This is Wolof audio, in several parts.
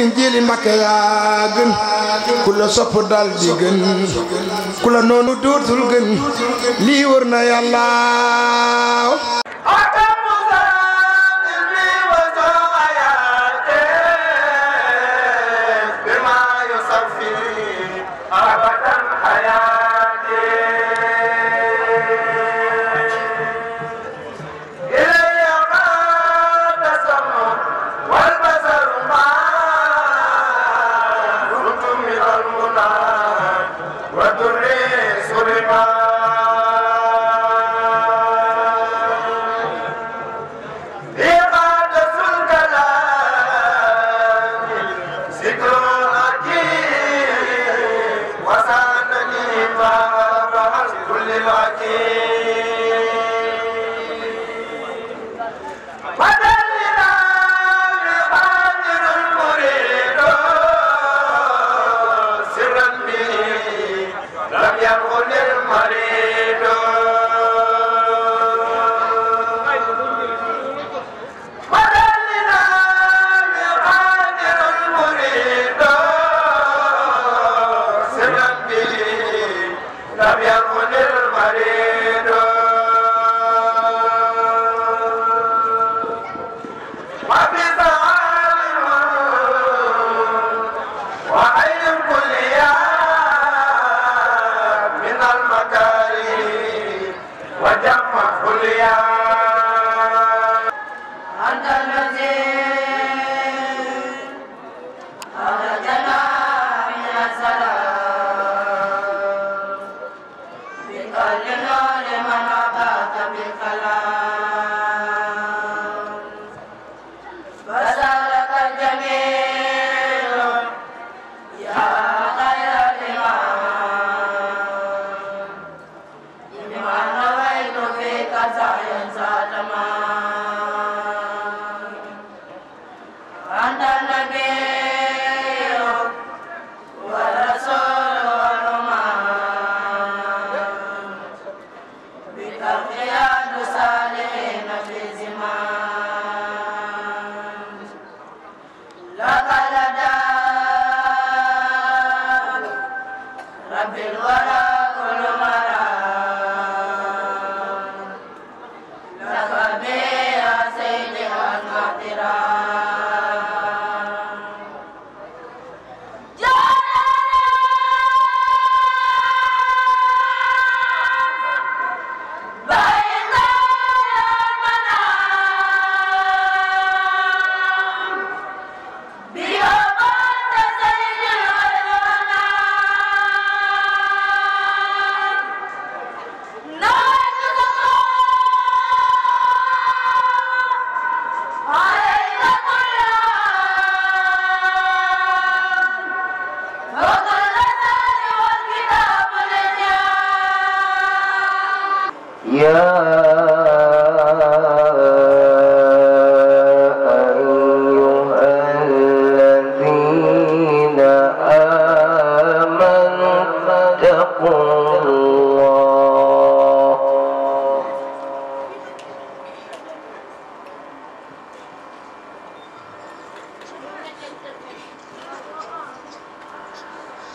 injiili Mbàkke yaa gën ku la noonu dootul gën lii wër na yàlla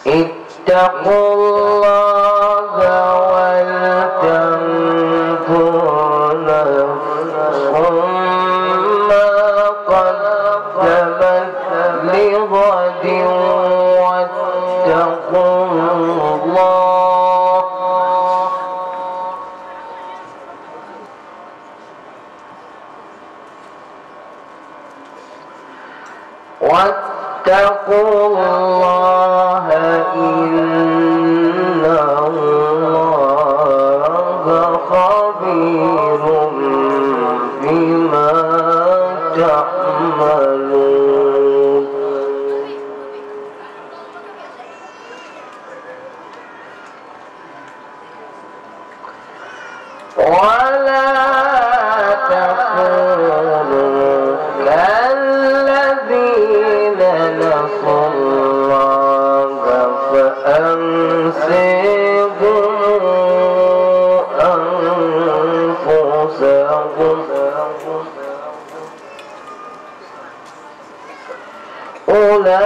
إذ تقول waaye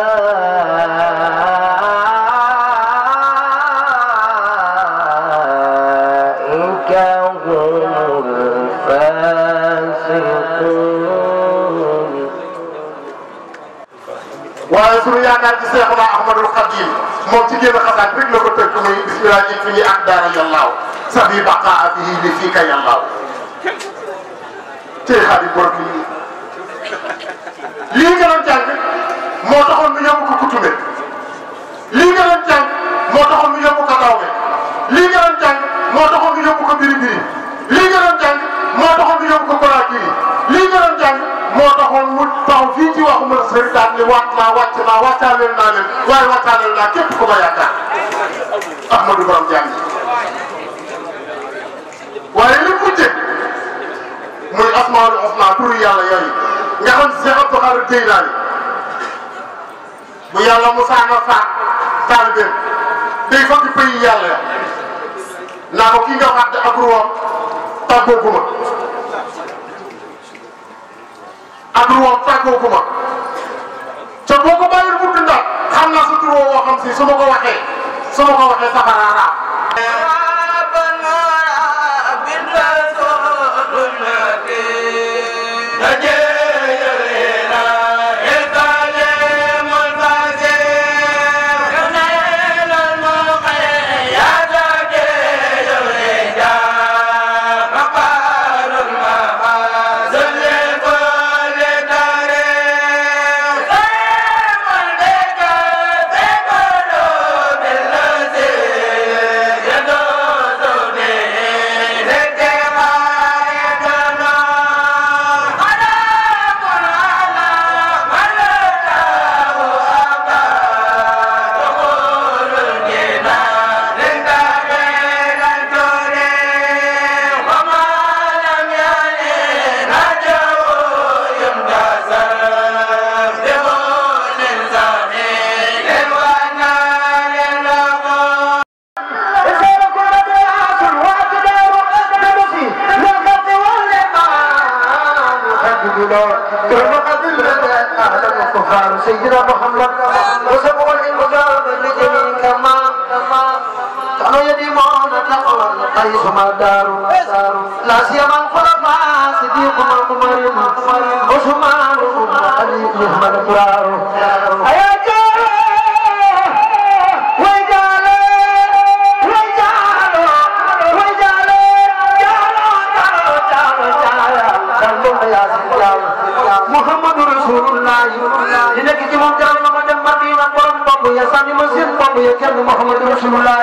sunu yaakaar ci Seexuna Ahmadul Xadim moom ci génn xasaat rek la ko tëkk muy bismillah ñi fi ñi ak daara yallaaw sabi baqaa bihi li fii ka yallaaw tey xaadi bor lii lii nga doon jàng moo taxoon ñu yóbbu ko Kutumbe lii nga doon jàng moo taxoon ñu yóbbu ko Ndawbe lii nga doon jàng moo taxoon ñu yóbbu ko Biribiri lii nga doon jàng moo taxoon ñu yóbbu ko Conakry lii nga doon jàng moo taxoon mu taxaw fii ci waxu mën a sëri daal ni waat naa wàcc naa wàccaaleel naa leen waaye wàccaaleel naa képp ku ma yaakaar Ahmadou Borom jàng waaye li mujje muy asmaanu asmaa turu yàlla yooyu nga xam Cheikh Abdou Khadre Jeylaani yàlla Moussa nga faat taalibeem day fokki pays yàlla ya naa ko kii nga fàtte ak ruwaam tàggoogu ma ak ruwaam tàggoogu ma te boo ko bàyyil mu dundaat xam naa sa turoo woo xam si su ma ko waxee su المؤمنين ثم قبل أهل الكفار سيدنا محمد وسبوا الإنذار لجميع كما كما يديمون تقوى قيس ما دار لا سيما الخلفاء صديق ما قمر وسمان علي محمد قرار أيا bu ya kenn Muhammadu Rasulullah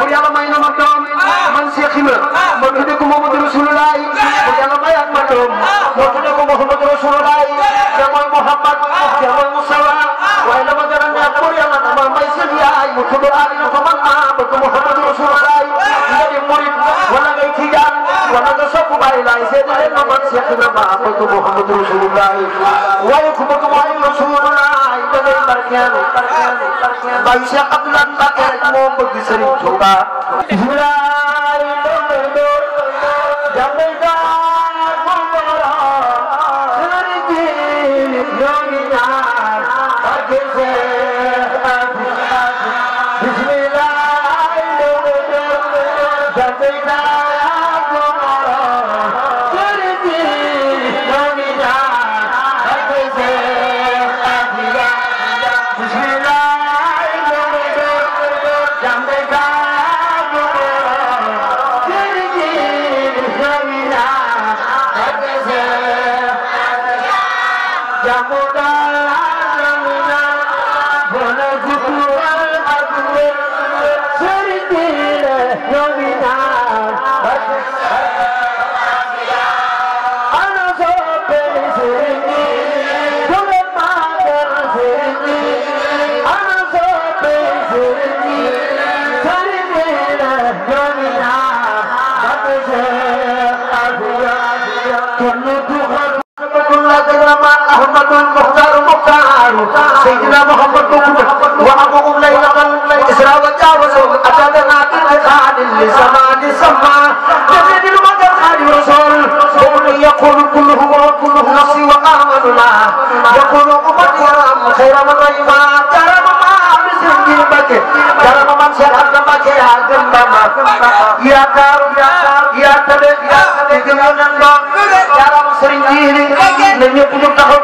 pour eh! yàlla may na ma doom ah! man Cheikh ah! Ibra ma tudde ko Muhammadu Rasulullah pour eh! yàlla mayaat ma doom ah! ma tudde ko Muhammadu Rasulullah eh! te mooy Muhammad te mooy Mustafa waaye dama gën a neex pour yàlla dama may seen yaay mu tudd Amina fa man maa bëgg Muhammadu Rasulullah nga di murid wala ngay tijaan wala nga sopp bàyyi laay seeti leen ma man Cheikh Ibrahima bëgg Mouhamadou Rasulullah waaye ku bëgg mooy Rasulullah da ngay barkeelu barkeelu barkeelu Baye Cheikh Abdoulaye Mbacke moo bëgg Serigne Touba لي سما لي سما جسد المدد خالي رسول قول يقول كله وكله نصي وآمنا يقول أمد يرام خير من ريما جرم ما مسلم جنبك جرم من شرح جنبك يا جنبما يا كار يا كار يا تبه يا تبه جنبما جرم سرين جيلي لن يكون تحوك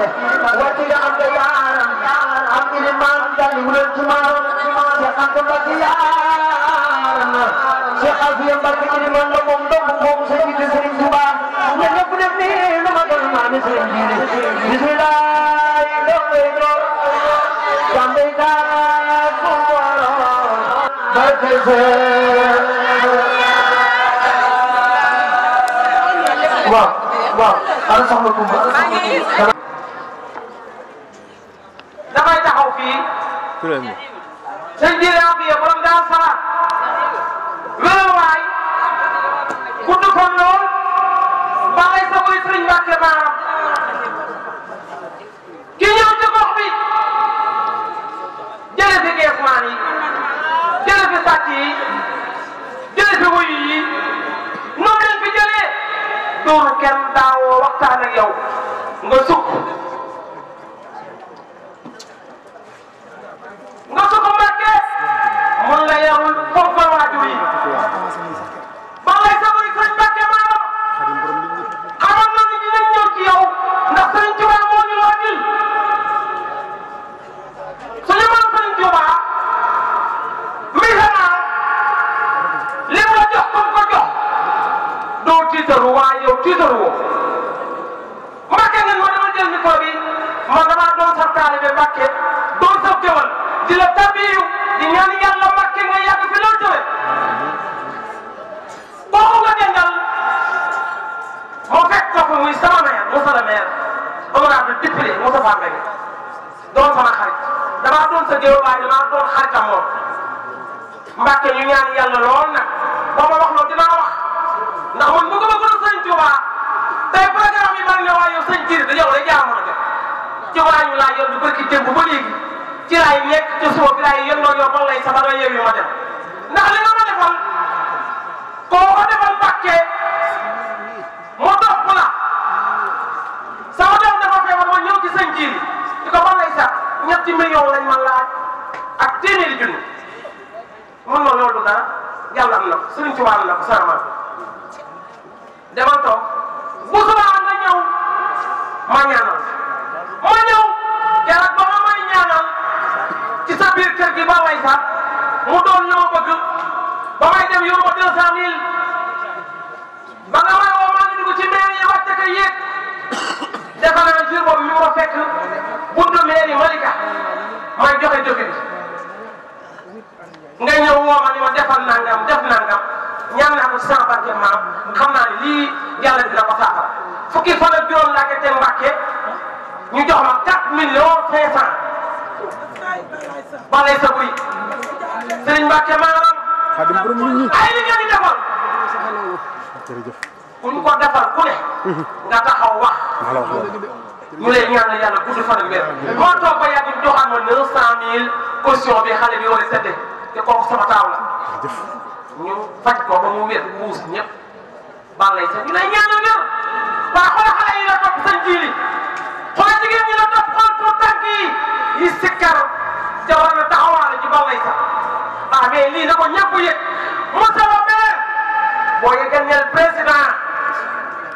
wati da am da yaram am iliman dali wulen tumaar Cheikh Anta Mbacké yaram Cheikh Afia Mbacké iliman la moom dong moom sa jiite Serigne Touba ne ñëpp def ni lu ma doon maami Serigne Jiile bismillah doy do tambe da ko waro barke waaw waaw ana soxna Kumba kuréel mi. sëñ bi yaa ngi yëg borom daa sara. wéruwaay. gudd fan lool. ba ngay sagoy sëriñ Mbàkke Baaram. ki ñëw ci gox bi. jële fi geesmaan yi. jële fi sàcc yi. jële fi wuyu yi. noonu lañ fi jëlee. dóoru kenn daawoo waxtaan ak yow. nga sukk. honorable député Moustapha Mbengue doon sama xarit damaa doon sa géew waaye damaa doon xaritam moom Mbàkke ñu ñaan yàlla lool nag boo ma wax loolu dinaa wax ndax man bëgg ma gën a sëñ Touba tey programme yi man ne waaye yow sëñ Thierry da yow la jaamu la ci waa ñu laa yor di barki démb ba léegi ci laay nekk ci suba bi laay yëndoo yow man lay sax ba doy yow yu ma dem ndax li nga ma defal koo ko defal Mbàkke ñetti million lañ ma laaj ak téeméeri junni mun ma loolu dara yàlla am na ko sëriñ ci wàll na ko ma ñaanal ma ñëw keroog ma may ci sa biir kër gi ba way sax mu ba may dem yow ma deux cent mille ba nga may ci mairie yi wàcce ko yéeg defe naa ne jur boobu mi ngi ko fekk buntu Malika may joxe joxe bi nga ñëw woo ma ni ma defal nangam def nangam ñaan naa ko ci sama barke maam xam naa ne lii yàlla dina ko saafara fukki fan ak juróom laa gerte Mbàkke ñu jox ma 4 millions 500 balay sa buy Serigne Mbàkke maanaam ay li ngeen di defal. kuñ ko defar ku ne. nga taxaw wax. ñu lay ñaanal yàlla gudd fan ak weer. moo toog ba yàgg ñu joxaat ma neuf cent mille caution bi xale bi war a i te kooku sama taaw la. ñu faj ko ba mu wér muus ñëpp. ban lay seet ñu lay ñaanal wér. waa xool xale yi la topp seen jiili. xool jigéen ñi la topp xool pour tànk yi. yi sikkar te war na taxawaale ci ban lay sax. ah mais lii na ko ñëpp yëg. Moussa Ba Mbengue. boo yëgal ne président.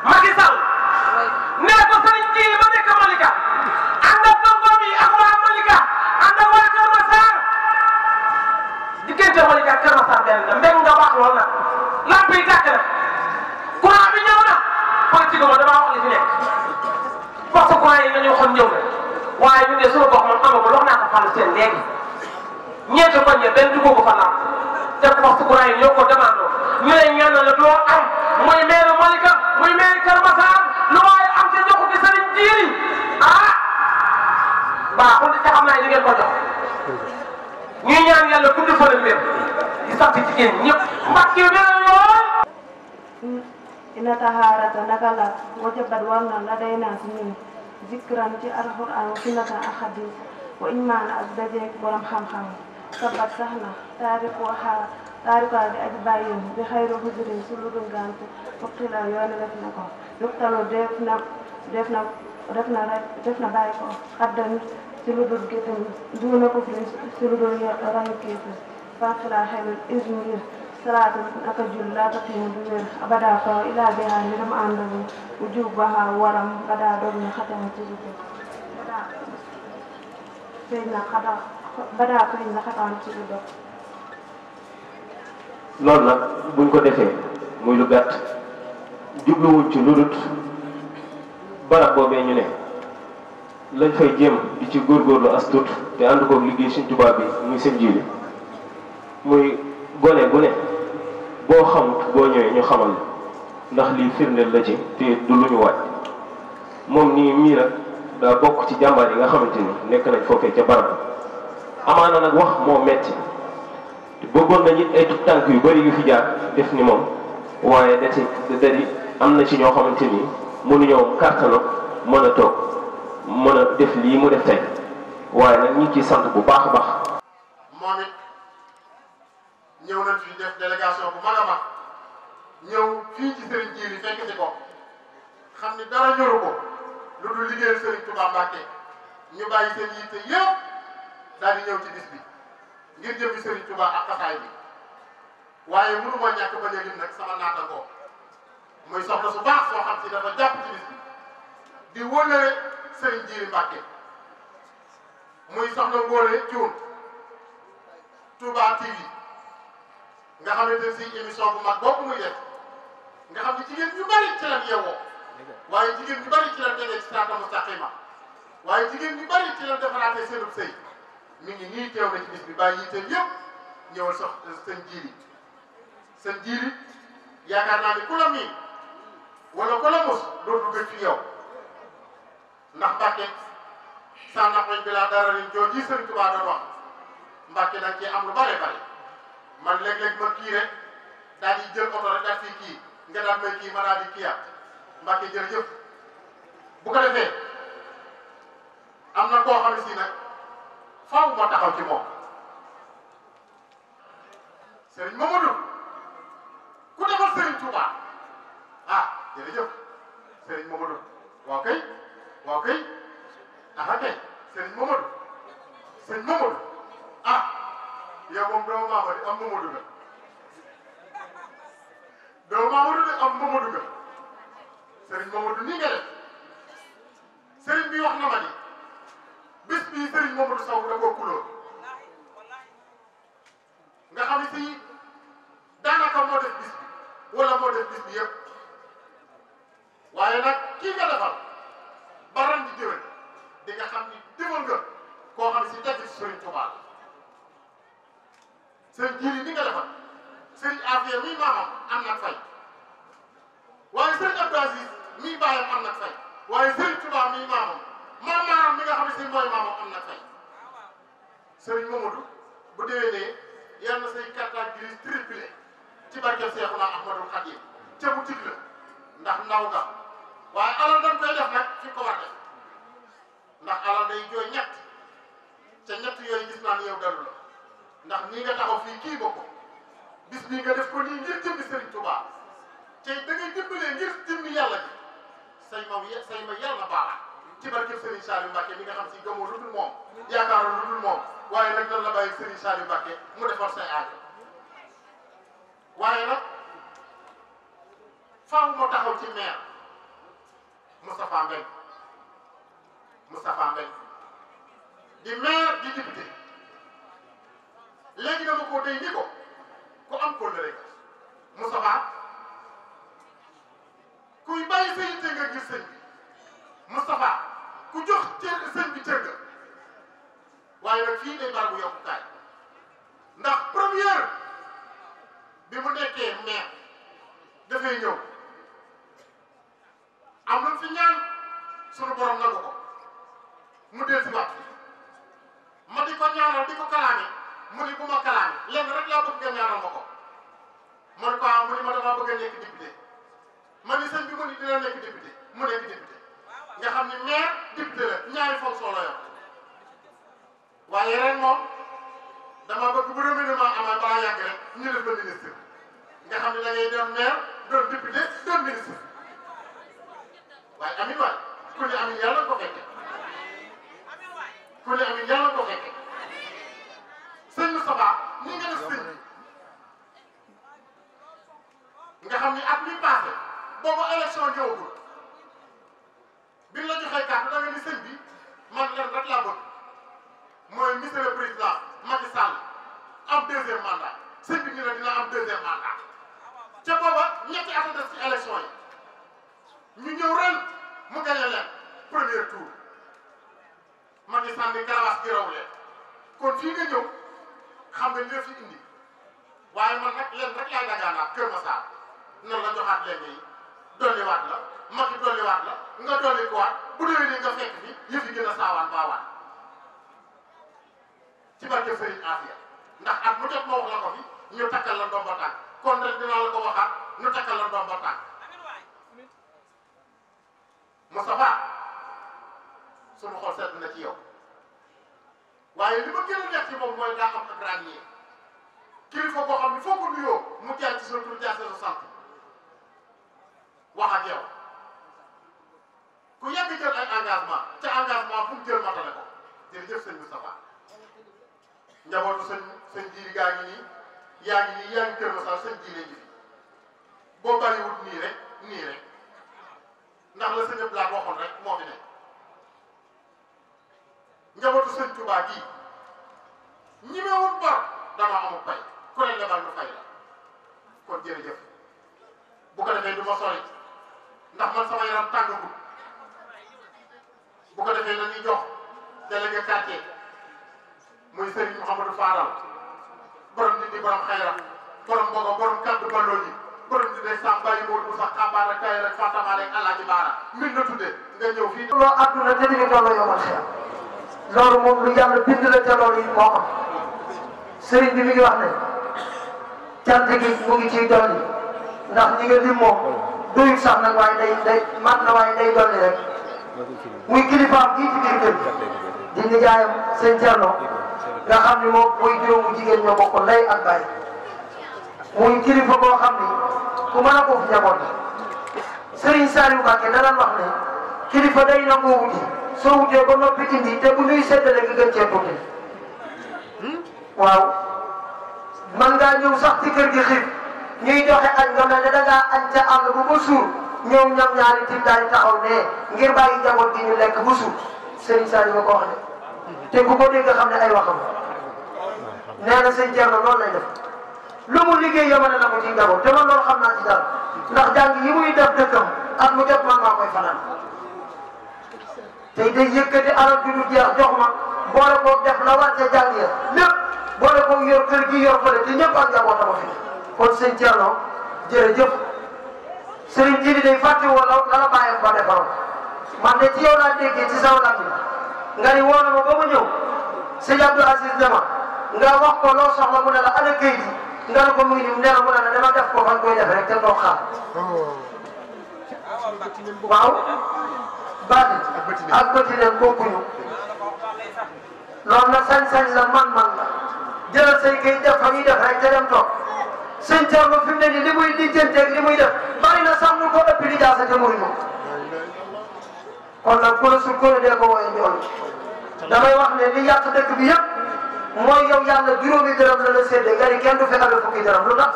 Macky Sall nee ko sëriñ kii ba nekk Malika ànd ak dongoom yi ak ak waa Kër Massar diggante Malika ak Kër Massar benn la mbéy nga baax lool nag lamp yi tàkk na courant bi ñëw na politique ma damaa wax li fi nekk parce que courant yi waaye ñu ne suma gox moom amagul wax ko fàll seen léegi ñeenti koñ ya benn dugub fa laal. def wax Coura yi ñoo ko demandoo ñu ne ñaan la doo am muy maire Malika muy maire Kër Massar lu waaye am te jox ko ci sëriñ Jiiri ah baaxul te xam naa di ngeen ko jox ñuy ñaan yàlla gudd fële mbir di sant jigéen ñëpp mbàkk yu mel noonu. ina taharata naka la wajabat war na la day naa si ñun zikran ci alxuraan wa sunnata ak xadis wa ijmaa ak dajeeg borom xam-xam. sabat sax na taarikuha xaar taarikuha bi aji bàyyi bi xayru hujrin su lu dul gàntu waxtu la yoone def na ko yuqtalu def def na def na rek def na bàyyi ko xaddan si lu dul géttam duuna ko firi si lu dul rayu kéefi faqila xelul izmir salaatu jul laa tatimu du wér abada ko ilaa biha niram àndalu wujub baha waram badaa dog na xatam ci suuf badaa sëy na badaa ko nag buñ ko defee muy lu gàtt jubluwuñ ci lu dut barab boobee ñu ne lañ fay jéem di ci góorgóorlu as tuut te ànd koog liggéey suñ tubaab bi muy seen muy gone bu ne boo xamut boo ñëwee ñu xamal ndax lii firndeel la ci te du lu ñu waaj moom nii mii daa bokk ci jàmbaar yi nga xamante ni nekk nañ foofee ca barab amaana nag wax moo metti te bëggoon nañu ay tut tànk yu bari yu fi jaar def ni moom waaye da ci da di am na ci ñoo xamante ni mënuñoo kàttanu mën a toog mën a def lii mu def tey waaye nag ñu ngi ciy sant bu baax baax. ñëw ci Serigne Djily fekk ci dara ñoru ko lu dul liggéeyal Serigne Touba Mbacké ñu bàyyi seen yitte yëpp. daal di ñëw ci bi ngir jëmmi Serigne tubaa ak xasaay bi waaye mënu moo ñàkk bañ a lim nag sama naata ko muy soxla su baax soo xam si bi di wóllare Serigne Jiiri Mbàkke muy soxla ngóore cuun Touba TV nga xamante ne si émission bu mag boobu muy def nga xam ne jigéen ñu bari ci lañ yeewoo waaye jigéen ñu bari ci lañ demee ci Siraatal Mustaqiima waaye jigéen ñu bari ci lañ defaraatee seenub ñu ngi nii teew na ci bis bi bàyyi yitteel yëpp ñëwal sax seen jiiri seen jiiri yaakaar naa ni ku la miin wala ku la mos doo dugg ci yow ndax Mbàkke sa naqoñ bi laa dara leen joo ji sëriñ Tuubaa doon wax Mbàkke da nga am lu bare bare man léeg-léeg ma kii rek daal di jël oto rek daal fii kii nga daal may kii ma daal di kiiyaat Mbàkke jërëjëf bu ko defee am na koo xam ne si faaw ma taxaw ci moom Serigne Mamadou ku defal Serigne Touba ah jërëjëf Serigne Mamadou waaw kay waaw kay aha kay Serigne Mamadou Serigne Mamadou ah yow moom doomu Mamadou am Mamadou nga doomu Mamadou nga am Mamadou nga Serigne Mamadou nii nga def bi wax na ma bis bii Serigne Mamadou Sow da koo kulóon nga xam ne fii daanaka moo def bis bi wala moo def bis bi waaye nag kii nga defal ba ren di déwén di nga xam ni demal nga koo xam si def si Serigne Touba seen jiir yi ni nga defal Serigne Afia mii maamam am na fay waaye Serigne Abdou Aziz mii baayam am na fay waaye Serigne Touba mii maamam. maam mi nga xam ne si mooy maamam am na fay Serigne Mamadou bu déwénee yal na say carte grise triplé ci barke Seexuna Ahmadul Xadim ca bu tig la ndax ndaw nga waaye alal dañ koy def nag fi ko war def ndax alal day jooy ñett ca ñett yooyu gis naa ne yow dalu la ndax ni nga taxaw fii kii bokk bis bii nga def ko nii ngir jëmbi Serigne Touba tey da ngay dimbalee ngir jëmbi yàlla ji say ma say ma yàlla baala ci barke Serigne Saliou Mbacké mi nga xam si gëmoo lu dul moom yaakaaroo lu dul moom waaye nag lan la bàyyi Serigne Saliou Mbacké mu defar say aajo waaye nag faaw taxaw ci maire Moustapha Mbeng Moustapha Mbeng di maire di député léegi dama ko déy ni ko ku am ko rek Moustapha kuy bàyyi sa nga gis sëñ bi ku jox cër sëñ bi cër ga waaye nag fii day barabu yokkukaay ndax première bi mu nekkee maire dafay ñëw am na fi ñaan sunu borom nangu ko mu del si waat ma di ko ñaanal di ko kalaane mu ni bu ma kalaane lenn rek laa bëgg nga ñaanal ko ma ne ko ah, mu ni ma damaa bëgg a nekk député ma ni sëñ bi mu ni dina nekk député mu nekk député nga xam ne maire député la ñaari fonction la yor waaye ren moom dama bëgg bu remaniement amaat balaa yàgg rek nga xam ne da ngay doon maire doon député doon ministre waaye amin waay ku ne amin yàlla ko fekke ku amin yàlla ko fekke sëñ Moustapha ñi nga def sëñ bi nga xam ne at mi passé élection ñëwagul bi ñu la joxee kàddu da nga ni sëñ bi man leen rek laa bëgg mooy monsieur le président Macky Sall am deuxième mandat sëñ bi ñu ne dina am deuxième mandat. ca booba ñetti at des ci yi ñu ñëw ren mu gagné leen premier tour Macky Sall ni garaas gi raw kon fii nga ñëw xam nga li fi indi waaye man nag leen rek laay dagaanaat Kër Massar nan la joxaat léegi yi. dolliwaat la magi dolliwaat la nga dolli ko waat bu nga fekk fi yëf yi gën a saawaan baawaat ci barke sëriñ Afia ndax at mu jot ma la ko fi ñu takkal la ndomba tànk kon ren dinaa la ko waxaat ñu takkal la ndomba tànk Moustapha sunu xol seet na ci yow waaye li ma gën a neex ci moom mooy daa am ak ràññee kilifa koo xam ne foo ko nuyoo mu jaar ci sa tur jaar sa sant wax ak yow ku yàgg jël ay engagement ca engagement fu mu jël matale ko jërëjëf sëñ Moustapha njabootu sëñ sëñ jiiri gaa ngi nii yaa ngi nii yaa ngi Kër Masar sëñ jiire ji boo bariwut nii rek nii rek ndax la sëñ Abdoulaye waxoon rek moo fi nekk njabootu sëñ Touba gii ñi mewul bor dama amul pay ku leen lebal lu fay la kon jërëjëf bu ko defee du ma sori ndax man sama yaram tàngagul bu ko defee dañuy jox délégué quartier muy Serigne Mouhamadou Fadal borom nit ñi borom xayra borom booba borom kàddu balloo ji borom di day sàmm bàyyi wóor bu sax xambaar ak tayal ak fàttamaale ak alaaji baara min la tuddee nga ñëw fii. loolu àdduna te di nga toll yomal moom lu yàlla bind la te yi moo am Serigne bi mi ngi wax ne cant gi mu ngi ciy dolli moom. doyul sax nag na waaye day dolli rek muy kilifaam kii ci biir kër di nijaayam seen Cerno nga xam ni moom muy juróomu jigéen ñoo bokk ndey ak baay muy kilifa boo xam ni ku mën a ko fi njaboot yi Serigne Saliou Mbacké da daan wax kilifa day nangoo wuti soo wutee ba noppi indi te bu ñuy seddale nga gën cee tuuti hmm? waaw man ngaa ñëw sax ci kër ñuy joxe añ nga mel ne da añ ca àll bu ba suur ñëw ñoom ñaari tim daal di taxaw ne ngir bàyyi njaboot gi ñu lekk bu suur Serigne Saliou ma ko wax de te ku ko dégg nga xam ne ay waxam nee na sëñ Thierno loolu lay def lu mu liggéey yamale na ko ci njaboot te man loolu xam naa si dara ndax jàng yi muy def dëkkam at mu jot man maa koy fanaan tey day yëkkati alal bi du jeex jox ma boole koog def na war ca jàng ya lépp boole koog yor kër gi yor fële te ñëpp ak njabootam a fi. sëñ Thierno jërëjëf sëriñ ji bi day fàtte la la bàyyam ba defaroon man de ci yow laa déggee ci saw làmmiñ nga ni woo na ma ba ma ñëw sëñ Abdou nga wax ko loo soxla mu ne la ana këyit yi nga ne ko mu ngi nii nee na mu ne la dama def ko fan koy def rek te doo xaar. a badi ak bëti leen bokkuñu loolu sañ-sañ la man-man la jëlal say def fa ñuy def rek dem toog. sëñ Thierno fi mu ne nii li muy lijjanteeg li muy def bari na sax ñu ko ëpp di jaase te mënuñu kon nag ku la eh? suñ ko la dee ko wooyee ñoom damay wax ne li yàq dëkk bi yëpp mooy yow yàlla juróomi dërëm la la séddee nga ni kenn du fi amee fukki dërëm lu tax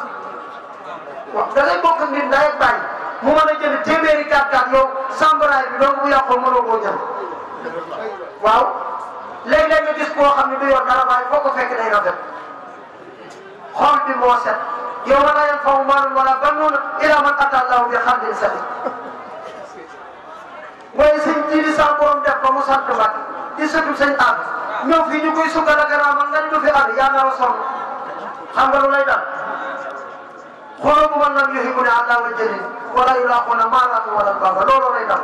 waaw da ngay bokk nit ndey ak bàyyi mu mën a jënd téeméeri kaat kaat yow sambaraay bi donc bu yàqoo mënoo koo jënd waaw léeg-léeg nga gis koo xam ne du yor dara waaye foo ko fekk day rafet xol bi moo set. yawma laa yanfa'u maalun wa laa banuun illaa man ataa Allaaha bi qalbin saliim mooy sëñ jiili sa borom def ba mu sant Mbàkke di sëtu sëñ àll ñëw fii ñu koy sukkandiku garaawal nga ñu ko fi àll yaa ngi sonn xam nga lu lay dal xooloo bu man lam yuhibbunii Allaahul jaliil wala yulaaquuna maalan wala baaba looloo lay dal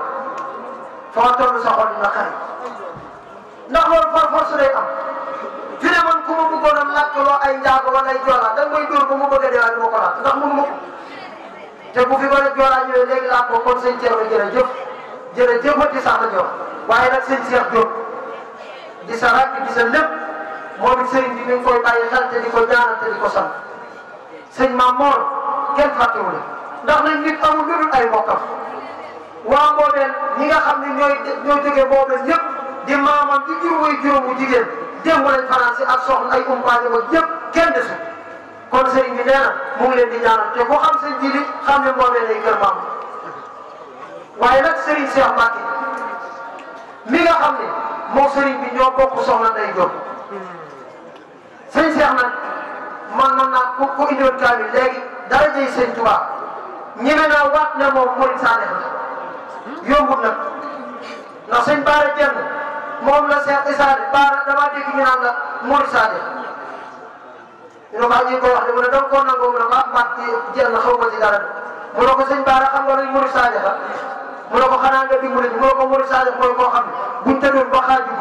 foo toll sa xol dina xëy ndax loolu par force lay am fi ne man ku ma bëggoon lakkaloo ay njaago wala ay joolaa da nga koy mu bëgg a dee waaye moo ko laal ndax mënu ma te bu fi mën a joolaa ñëwee laa ko kon sëñ Thierno jërëjëf jërëjëf ma di sax la ñor waaye sa rakk di sa lépp moom it sëriñ bi koy bàyyi xel te di ko ñaanal te di ko sant sëñ Maam kenn fàttewu ndax nit amul lu ay mbokkam waa boobeen ñi nga xam ni ñooy ñoo jógee boobeen ñëpp di maamam ci jur way juróom jigéen démb lañ a si ak soxna ay umpaañe ba ñëpp kenn desul kon sëriñ bi nee na leen di ñaanal te ku xam sëñ Jili xam ne moomee lay kër maam waaye nag sëriñ Cheikh Mbacke mi nga xam ne moo sëriñ bi ñoo bokk soxna day jóg sëñ Cheikh nag man na naa ku ku indiwoon kaamil léegi dara jëy sëñ Tuubaa ñeme naa waat ne moom murit saa def la yombut nag ndax sëñ Baara Jenn moom la Cheikh Issa Bara damaa dégg ñu naan la Mouride Sadio ñu ne ko ak ñu koy wax de mu ne donc koo nangoo mu ne ko am ah baat ci jël na xaw mu ne ko sëñ Bara xam nga luy Mouride Sadio la mu ne ko xanaa mu ne ko Mouride Sadio koo xam ne buñ tëjoon ba xaaju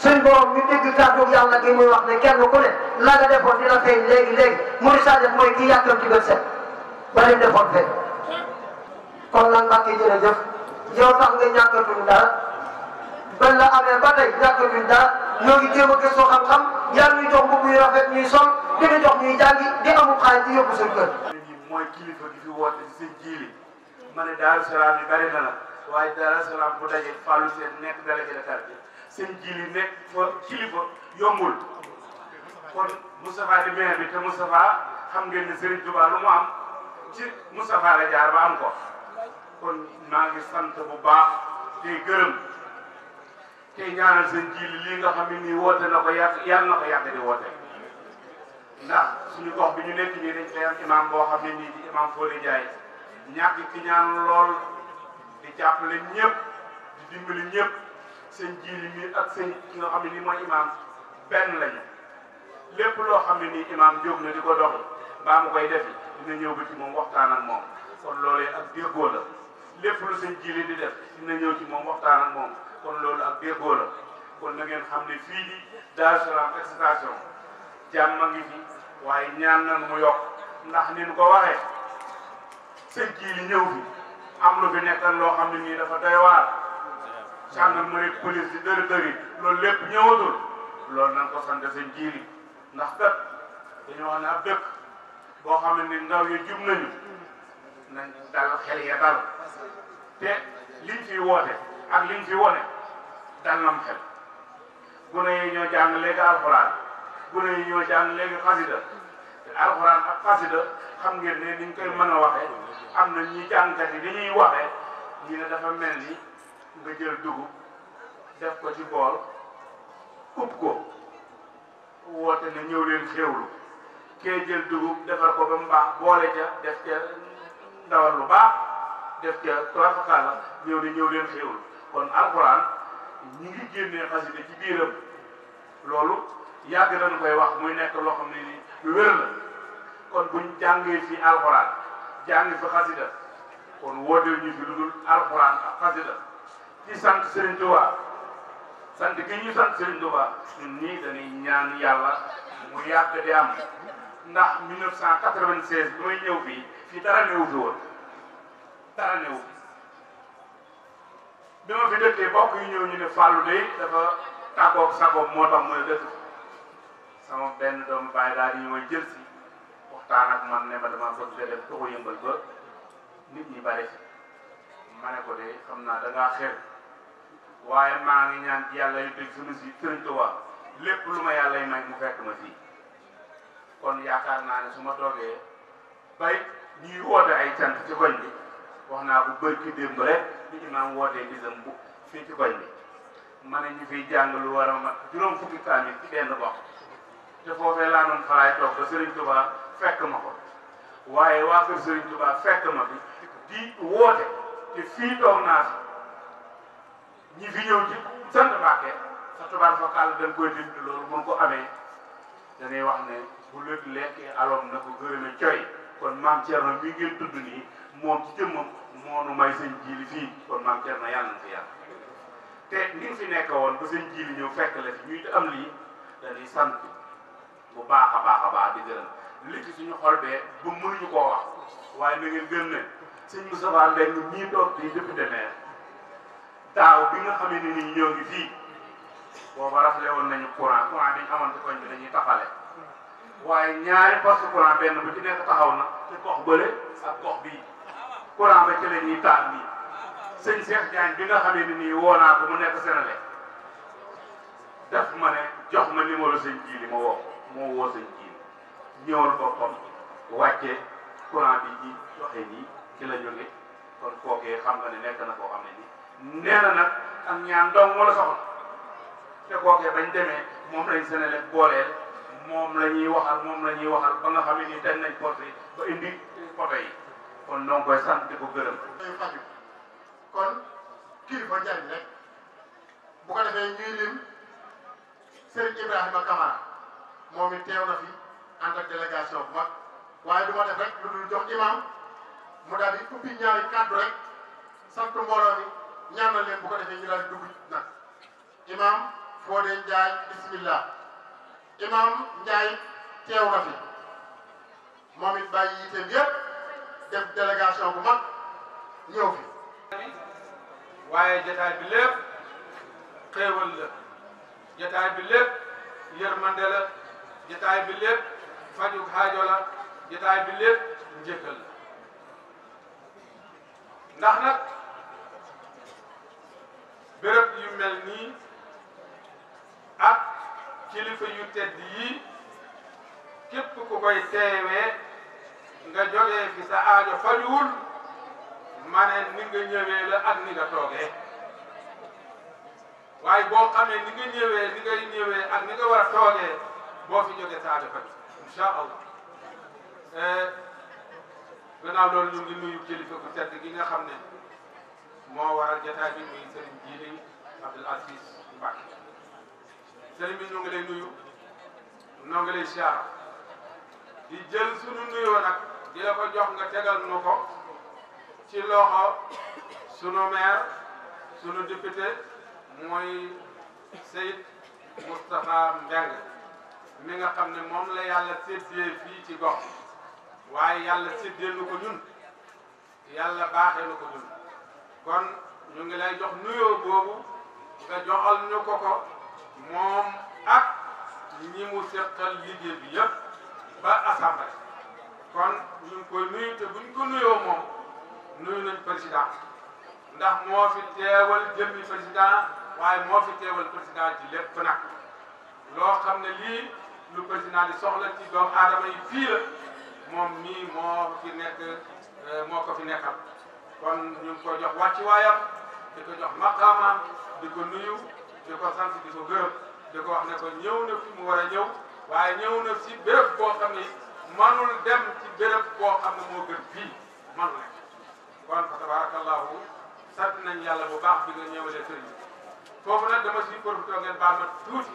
suñ borom ñu dégg kàddu yàlla gi muy wax ne kenn ku ne la nga defoon dina feeñ léegi léegi Mouride Sadio mooy kii yàqam ci bët set ba leen defoon feeñ kon lan Mbàkke jërëjëf yow tax nga ñàkkatul bañ la amee ba tey ñàkk duñ dara ñoo ngi jéem a gëstu xam-xam yàlla ñuy jox mbubb yu rafet ñuy sol di ñu jox ñuy jàngi di amul xaalis di yóbbu seen kër. mooy kilifa gi fi woote seen jiili ma ne Daaru Salaam yi bari na la waaye seen nekk délégué de quartier seen jiili nekk kilifa yombul kon Moustapha di maire bi te Moustapha xam ngeen ne Serigne lu mu am ci Moustapha la jaar ba am ko kon maa ngi sant bu baax te gërëm. tey ñaanal seen jiili lii nga xam ne nii woote na ko yàgg yàlla na ko yàgg di woote ndax suñu gox bi ñu nekk nii dañ koy am imaam boo xam ne nii di imaam Fodé Ndiaye ñàkk ci ñaan lool di jàppale ñëpp di dimbali ñëpp seen jiili mi ak seen ki nga xam ne nii mooy imaam benn lañu lépp loo xam ne nii imaam jóg na di ko dox baa mu koy defi dina ñëw ba ci moom waxtaan ak moom kon loolee ak déggoo la lépp lu seen jiili di def dina ñëw ci moom waxtaan ak moom. kon loolu ak déggoo la kon nangeen xam ne fii di Daaru Salaam extension jàmm ngi fi waaye ñaan nan mu yokk ndax ni ko waxee sëñ kii li ñëw fi am lu fi nekkal loo xam ne nii dafa doy waar gendarmerie police di dëri dëri loolu lépp ñëwatul loolu nañ ko sant sëñ kii ndax kat dañoo wax ne ab dëkk xam ne ni ndaw yi jub nañu nañ dal xel ya dal te liñ fi woote ak liñ fi wone dal nam xel gune yu ñoo jàng léegi alxuraan gune yi ñoo jàng léegi xasida te alxuraan ak xasida xam ngeen ne niñ koy mën a waxee am na ñi jàngkat yi li ñuy waxee ñi ne dafa mel ni nga jël dugub def ko ci bool ub ko woote ne ñëw leen xéewlu kee jël dugub defar ko ba mu baax boole ca def ca ndawal lu baax def ca trois fois la ñëw ne ñëw leen xéewlu kon alxuraan ñi ngi génnee xasida ci biiram loolu yàgg nañu koy wax muy nekk loo xam ne ni lu wér kon buñ ñu fi lu dul alxuraan ak xasida ci sant Serigne Touba sant gi ñu sant Serigne Touba ñun nii dañuy ñaan yàlla mu yàgg di am ndax 1996 bi may ñëw fii fii dara néew fi woon dara néew bi ma fi dëkkee bokk yu ñëw ñu ne fàllu day dafa tàggoog sagoom moo tax mu ne sama benn doomu bàyyi daal di ñu jël si waxtaan ak man ne ma dama bëgg nga def tuxu yëmbal ba nit ñi bare ma ne ko de xam naa da ngaa waaye maa ngi ñaan ci yàlla yu dégg suñu si Sëriñ Tuubaa lépp lu ma yàlla yi may mu fekk ma fii kon yaakaar naa ne su ma toogee bay ñuy woote ay cant ci koñ bi wax naa bu bëri ki démb rek bi imaam wootee bisam bu fii ci koñ bi ma ne ñu fiy jàng lu war a mat juróom fukki kaamil ci benn te foofee laa noon falaay toog ba Serigne fekk ma ko waaye waa kër Serigne Touba fekk ma fi di woote te fii toog naa fi ñi fi ñëw ci sant Mbàkke sa tubaab fa kàll dañ koy dimbali loolu mun ko amee dañuy wax ne bu lëkk lekkee aloom na ko gërëme coy kon maam Thierno mi ngeen tudd nii. moom ci jëmmam moo nu may sëñ jiili fii kon maam Thierno yàlla na fi yàlla te ni nga fi nekk woon ba sëñ li ñëw fekk la fi ñuy am lii dañuy sant bu baax a baax a baax di gërëm li suñu xol bee ba mënuñu koo wax waaye na ngeen gën ne sëñ Moustapha Mbengue ñii toog di député maire daaw bi nga xam ne ni ñoo ngi fii booba rafle woon nañu courant courant bi ñu amoon koñ bi dañuy taxale waaye ñaari poste courant benn bu ci nekk taxaw na te gox bële ak bii courant ba ci la ñuy taal nii sëñ Cheikh Diagne bi nga xamee ni nii woo naa mu nekk Sénégal def ma ne jox ma numéro sëñ ji li ma woo moo woo sëñ ji ñëwal boppam wàcce courant bi ji joxe nii ci la jóge kon kookee xam nga ne nekk na koo xam ne nii nee na nag ak ñaan dong wala soxla te kookee bañ demee moom lañ Sénégal booleel moom la ñuy waxal moom la ñuy waxal ba nga xam ne nii dañ nañ porte yi. kon noo ngi koy sant di ko gërëm. kon kilifa njariñ rek bu ko defee ñuy lim Serigne Ibrahima Kamara moom it teew na fi ànd mag waaye du ma def rek lu dul jox imam mu daal di ubbi ñaari kàddu rek sant mbooloo mi ñaan na leen bu ko defee ñu daal di dugg nag imam Fodé Ndiaye bismillah imam Ndiaye teew na moom it bàyyi yiteem yëpp. def délégation bu mag waaye jotaay bi lépp xéewal la jotaay bi lépp yërmande la bi lépp fajug xaajo la jotaay bi lépp njëkkal la ndax nag yu mel nii ak kilifa yu tedd yii képp ku koy teewee. nga jógee fi sa aajo fajuwul ma ne ni nga ak ni nga waaye boo xamee ni nga ñëwee ni ngay ñëwee ak ni nga war a toogee boo fi jógee sa aajo faju incha allah eh, gannaaw loolu ñu ngi nuyu kilifa bu tedd gi nga xam ne moo waral jotaay bi muy sëriñ Jiili Abdul Aziz Mbacke sëriñ bi ñu ngi lay nuyu ñoo ngi lay siyaara di jël sunu nuyoo nag di ko jox nga tegal nu ko ci loxo sunu maire sunu député mooy Seyd Moustapha Mbeng mi nga xam ne moom la yàlla séddee fii ci gox waaye yàlla séddee nu ko ñun yàlla baaxee nu ko ñun kon ñu ngi lay jox nuyoo boobu nga joxal ñu ko ko moom ak ñi mu seqal liggéey bi yëpp ba assemblée kon ñu ngi nuyu te buñ ko nuyoo moom nuyu nañ président ndax moo fi teewal jëmmi président waaye moo fi teewal président ci lépp nag loo xam ne lii lu président di soxla ci doomu aadama yi fii moom mii moo fi nekk euh, moo ko fi nekkal kon ñu ngi koy jox wàccuwaayam di ko jox maqaama di ko nuyu di ko sant di ko gërëm di ko wax ne ko ñëw na fi mu war a ñëw. waaye ñëw na si béréb boo xam ni manul dem ci béréb boo xam moo gën fii manu ne kon fa tabarakallahu sant yàlla bu baax bi nga ñëwalee sëriñ foofu nag dama si profité ngeen baal ma tuuti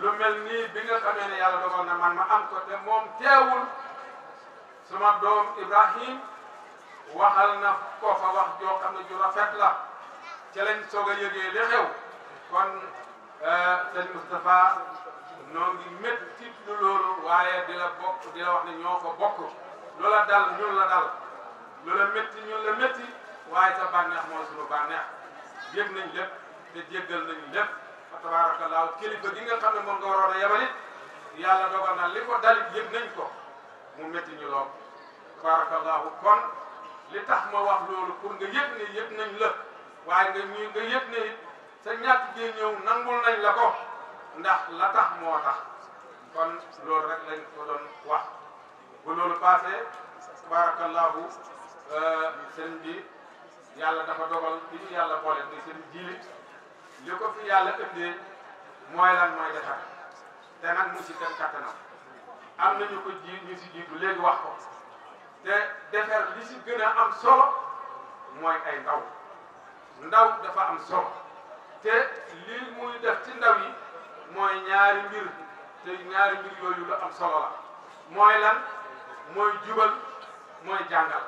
lu mel nii bi nga xamee ne yàlla dogal na man ma am ko te moom teewul sama doom Ibrahim waxal na ko fa wax joo xam ne ju rafet la ca soog a yëgee li xew kon euh, sëñ ñoo ngi métti tiit lu loolu waaye di la bokk di wax ne ñoo ko bokk loola dal ñun la dal la métti ñun la métti waaye sa bànneex mooy suñu bànneex yëg nañ lépp te jéggal nañ lépp fa tabaarakallaahu kilifa gi nga xam ne moom nga waroon a yebal it yàlla dogal na li ko dalit yëg nañ ko mu métti ñu lool tabaarakallaahu kon li tax ma wax loolu pour nga yëg ne yëg nañ la waaye nga ñu nga yëg ne it sa ñàkk gi ñëw nangul nañ la ko ndax la tax moo tax kon loolu rek lañ ko doon wax bu loolu paasee tabaarakallaahu euh, sëñ bi yàlla dafa dogal bi ñu yàlla boole ni seen jiilit li ko fi yàlla ëndee mooy lan mooy defar te nag mu si dem kattanam am nañu ko ji ñu si jiitu léegi wax ko te defar li si gën a am solo mooy ay ndaw ndaw dafa am solo te lii muy def ci ndaw yi mooy ñaari mbir te ñaari mbir yooyu lu am solo la mooy lan mooy jubal mooy jàngal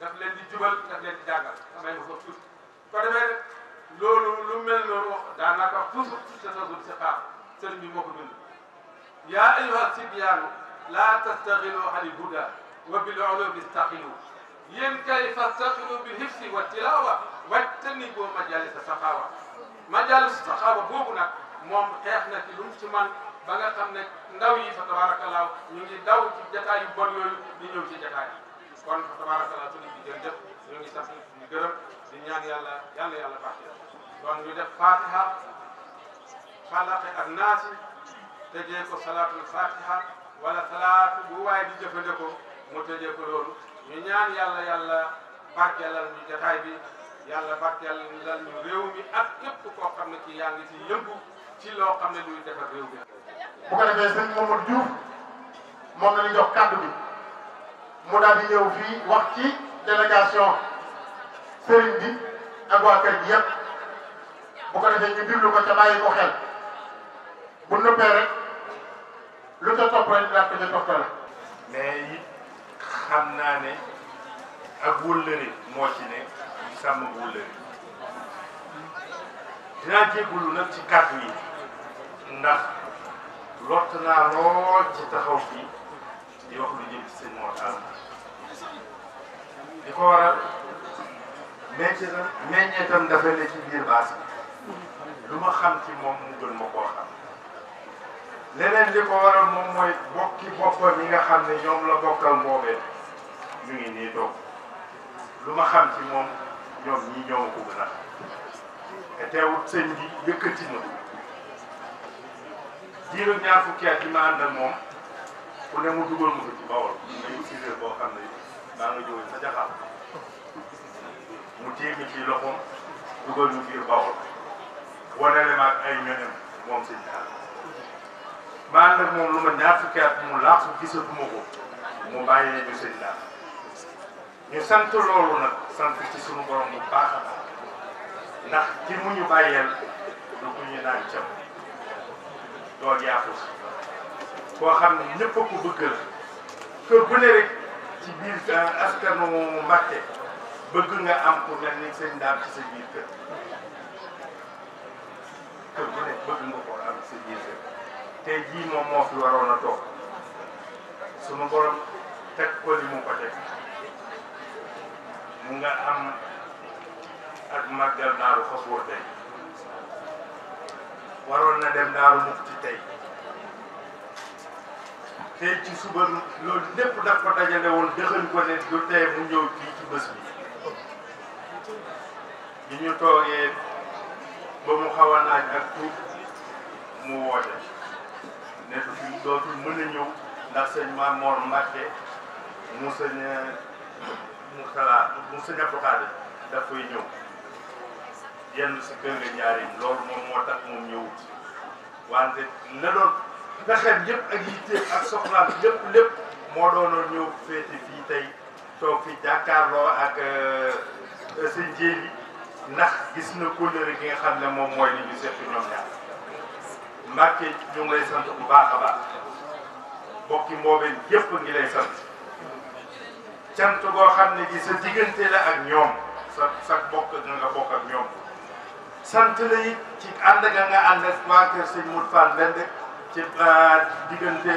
daf leen di jubal daf leen di jàngal damay ma ko ko defee loolu lu mel noonu wax daanaka fusu sa tasul si xaar sëriñ bi moo ko bind yaa ayyuha sibyaanu laa tastaxilu ani huda wa bil ulumi staxilu yéen kay fastaxilu bil hifsi wa tilawa wajtanibu majalis saxaawa majalis saxaawa boobu nag moom xeex na ci lu mu ci man ba xam ne ndaw yi fa tabarakalaaw ñu ngi daw ci jataay yu bon yooyu di ñëw ci jataay yi kon fa tabarakalaaw suñu jigéen def ñu ngi sant ñu gërëm di ñaan yàlla yàlla yàlla baax kon ñu def fatiha falaqe ak naasi tëjee ko salaatul fatiha wala salaatu bu waaye di jëfandikoo mu tëjee ko loolu ñaan yàlla yàlla barkeelal ñu jataay bi yàlla barkeelal ñu réew mi ak képp koo xam ne ci yaa ngi ci yëngu ci loo xam ne luy defar réew mi. bu ko defee sëñ Mamadou Diouf moo la ñu jox kàddu bi mu daal di ñëw fii wax ci délégation sëriñ bi ak waa kër gi bu ko defee ñu déglu ko ca bàyyi ko xel bu nëbbee rek lu ca topp rek laaj ko ca topp la. mais xam naa ne ak wóllëre moo ci ne sàmm wóllëre dinaa jégalu nag ci kàddu yi. ndax lott naa lool ci taxaw fii di wax lu jëm ci sëñ Mor Talla di ko waral meññeetam meññeetam dafa ne ci biir baas bi lu ma xam ci moom mu gën ma koo xam leneen li ko waral moom mooy bokki boppam yi nga xam ne ñoom la bokkal mboobee ñu ngi nii toog lu ma xam ci moom ñoom ñii ñoo ko gën a te teewut bi yëkkati na diiru ñaar fukki at yi ma moom ku ne mu dugal ma ko bawol may utiliser boo xam ne maa nga mu téye mi ci loxoom dugal ñu bawol wanele ma ak ay ñoñam moom sëñ daal ma moom lu ma ñaar fukki at mu laax gisatuma ko mu bàyyee ñu sëñ daal ñu sant loolu nag sant ci suñu borom bu baax a baax mu ñu bàyyeel lu ko ñu naan cam doo jaaxu koo xam ne ñëpp a ko bëgg kër bu ne rek ci biir euh, askanu Mbàkke bëgg nga am ku mel ni sëñ daam ci sa biir kër kër bu ne bëgg nga ko am sa biir kër tey jii moom moo fi waroon a toog sunu borom teg ko li mu ko teg mu nga am ak màggal daaru fas woo tey waroon na dem daaru muxti tey tey ci suba loolu lépp daf ko dajale woon dëxañ ko ne du tey mu ñëw fii ci bés bi ñu toogee ba mu xaw ak tuub mu woote ne fi dootul mën a ñëw ndax sëñ Mamoor Mbàkke mu sëñ mu xalaat mu sëñ avocat daf ñëw yenn si kër nga ñaari loolu moom moo tax moom ñëwut wante la doon pexeem yëpp ak yitteem ak soxlaam lépp lépp moo doonoon ñëw féete fii tey toog fi jàkkaarloo ak euh, sëñ Jéeli ndax gis na kóllëre gi nga xam ne moom mooy ni ñu seq ñoom ñaar Mbàkke ñu ngi sant bu baax a baax bokki mboobeen yëpp ngi lay sant cant goo xam ne gi sa diggante la ak ñoom sa sa bokk nga nga bokk ak ñoom sant la it ci ànd ga nga ànd ak waa kër sëñ Modou Fall Mbende ci diggante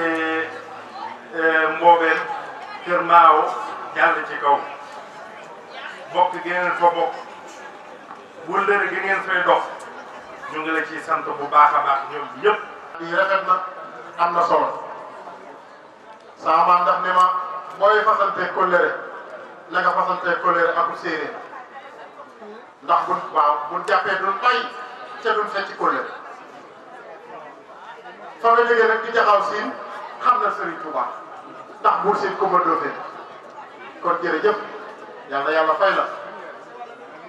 euh, Mboobeen Kër Maawo jàll ci kaw bokk gi ngeen fa bokk wëllëre gi ngeen fay dox ñu ngi la ciy sant bu baax a baax ñoom ñëpp. lii rafet na am na solo sama maam ndax ne ma booy fasante kóllëre la nga fasante kóllëre ak séeréer ndax bu waaw bu jàppee duñ bay ca duñ fecc kóllëre fa nga jógee nag jaxaw siin xam na Serigne Touba ndax buur siin ko ma doofee kon jërëjëf yàlla yàlla fay la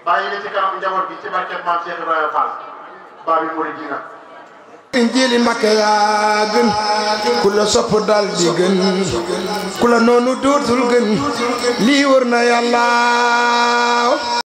bàyyi nga ci kanam njaboot bi ci barket maam Cheikh Ibrahima Fall baabi muridina injiili Makka yaa gën ku la sopp dal di gën ku la noonu dootul gën lii wër na yàlla